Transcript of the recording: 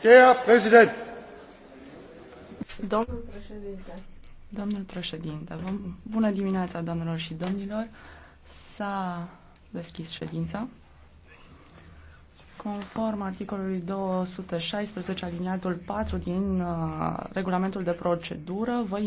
Domnule președinte, domnul președinte, bună dimineața, doamnelor și domnilor. S-a deschis ședința. Conform articolului 216 aliniatul 4 din uh, regulamentul de procedură, vă